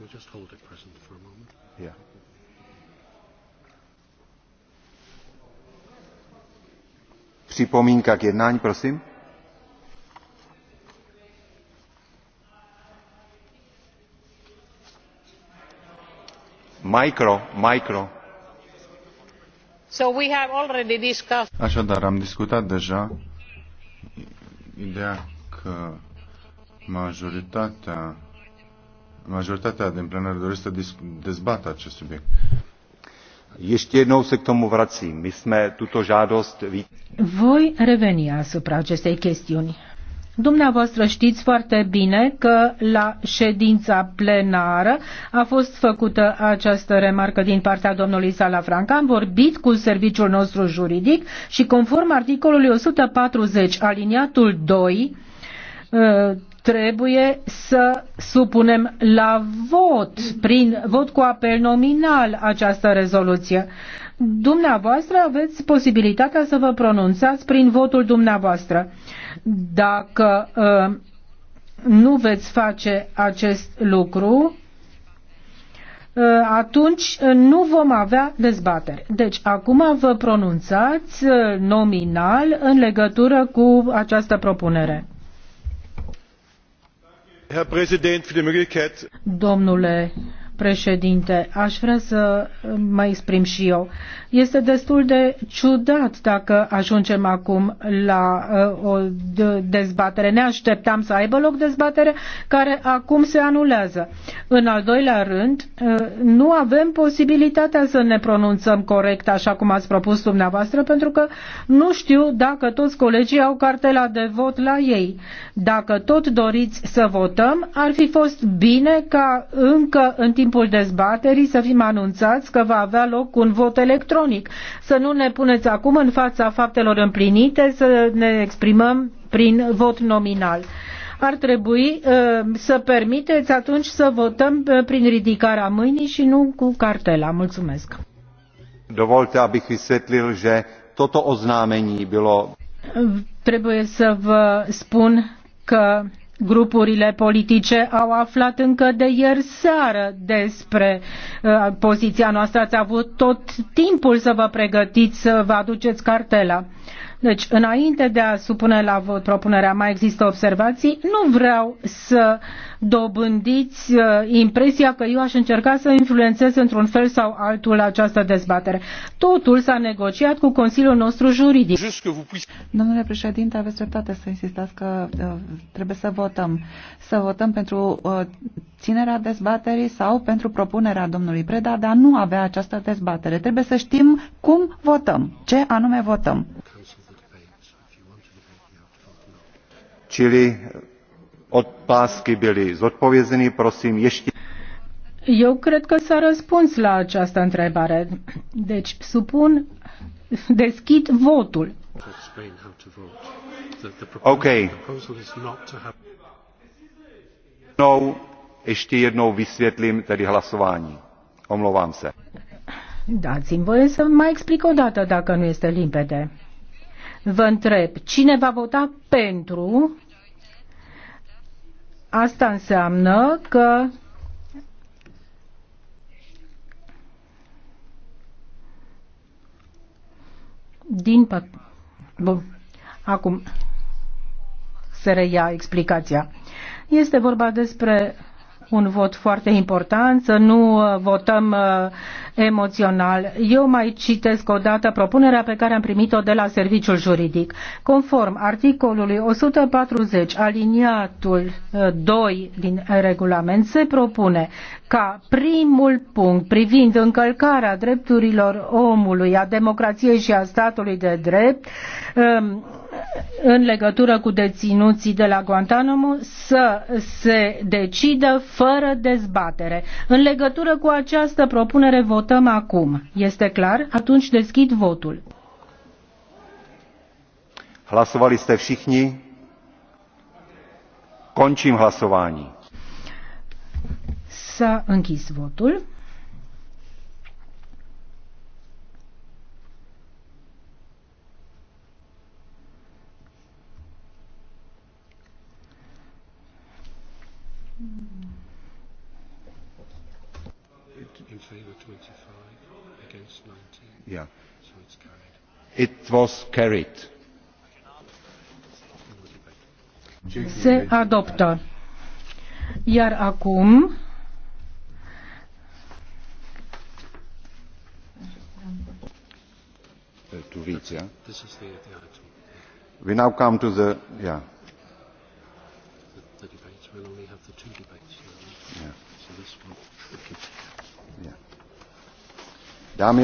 We'll just hold it present for a moment. Yeah. Připomínka k jednání prosím. Micro, micro. So we have already discussed... Așadar, am discutat deja ideea că majoritatea majoritatea din plenar doresc să dezbată acest subiect. Ještě jednou se k tomu vracím. My jsme tuto žádost... Voi reveni asupra acestei chestiuni. Dumneavoastră știți foarte bine că la ședința plenară a fost făcută această remarcă din partea domnului Salafranca. Am vorbit cu serviciul nostru juridic și conform articolului 140 aliniatul 2 trebuie să supunem la vot, prin vot cu apel nominal, această rezoluție. Dumneavoastră aveți posibilitatea să vă pronunțați prin votul dumneavoastră. Dacă uh, nu veți face acest lucru, uh, atunci nu vom avea dezbatere. Deci, acum vă pronunțați uh, nominal în legătură cu această propunere domnule Präsident, stimați colegi președinte. Aș vrea să mă exprim și eu. Este destul de ciudat dacă ajungem acum la uh, o dezbatere. Ne așteptam să aibă loc dezbatere care acum se anulează. În al doilea rând, uh, nu avem posibilitatea să ne pronunțăm corect așa cum ați propus dumneavoastră pentru că nu știu dacă toți colegii au cartela de vot la ei. Dacă tot doriți să votăm, ar fi fost bine ca încă în timp timpul dezbaterii să fim anunțați că va avea loc un vot electronic. Să nu ne puneți acum în fața faptelor împlinite, să ne exprimăm prin vot nominal. Ar trebui uh, să permiteți atunci să votăm uh, prin ridicarea mâinii și nu cu cartela. Mulțumesc. Dovolte, abych vysvetlil, že toto oznámení bylo... Trebuie să vă spun că Grupurile politice au aflat încă de ieri seară despre uh, poziția noastră. Ați avut tot timpul să vă pregătiți, să vă aduceți cartela. Deci, înainte de a supune la vot propunerea, mai există observații. Nu vreau să dobândiți uh, impresia că eu aș încerca să influențez într-un fel sau altul această dezbatere. Totul s-a negociat cu Consiliul nostru juridic. Domnule președinte, aveți dreptate să insistați că uh, trebuie să votăm. Să votăm pentru uh, ținerea dezbaterii sau pentru propunerea domnului Preda de a nu avea această dezbatere. Trebuie să știm cum votăm, ce anume votăm. čili otázky byly zodpovězeny. Prosím ještě. Eu cred că s-a răspuns la această întrebare. Deci supun, deschid votul. Ok. No, ještě jednou vysvětlím tedy hlasování. Omlouvám se. Dați-mi voie să mai explic o dată dacă nu este limpede. Vă întreb, cine va vota pentru? Asta înseamnă că din Bun. Acum se reia explicația. Este vorba despre un vot foarte important, să nu uh, votăm uh, emoțional. Eu mai citesc o dată propunerea pe care am primit-o de la serviciul juridic. Conform articolului 140 aliniatul 2 uh, din regulament se propune ca primul punct privind încălcarea drepturilor omului, a democrației și a statului de drept um, în legătură cu deținuții de la Guantanamo să se decidă fără dezbatere. În legătură cu această propunere votăm acum. Este clar? Atunci deschid votul. Hlasovali jste všichni? Končím hlasování. S-a închis votul. In favour 25, against 19. Yeah. So it's carried. It was carried. Se adoptă. Iar acum to read, Yeah? This is the, the item. We now come to the yeah have the two debates now. Yeah. So this one should continue. Yeah.